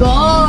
gone.